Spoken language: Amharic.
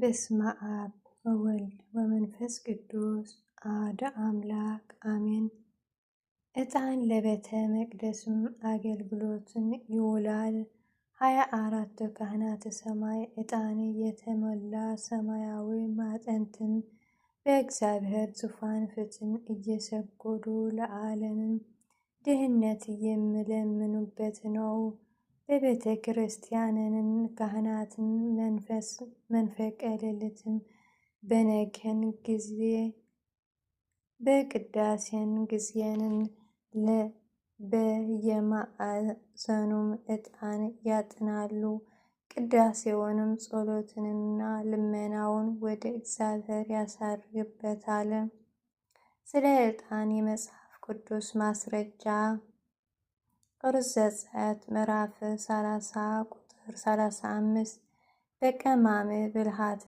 በስመ አብ ወወልድ ወመንፈስ ቅዱስ አሐዱ አምላክ አሜን። ዕጣን ለቤተ መቅደስም አገልግሎትን ይውላል። ሀያ አራቱ ካህናተ ሰማይ ዕጣን የተሞላ ሰማያዊ ማጠንትን በእግዚአብሔር ዙፋን ፊትም እየሰጎዱ ለዓለምም ድህነት የሚለምኑበት ነው። በቤተ ክርስቲያንንም ካህናትን መንፈስ መንፈቀ በነገን ጊዜ በቅዳሴን ጊዜንን በየማዕዘኑም ዕጣን ያጥናሉ። ቅዳሴውንም ጸሎትንና ልመናውን ወደ እግዚአብሔር ያሳርግበታል። ስለ ዕጣን የመጽሐፍ ቅዱስ ማስረጃ ኦሪት ዘጸአት ምዕራፍ 30 ቁጥር 35 ደቀ ማም ብልሃት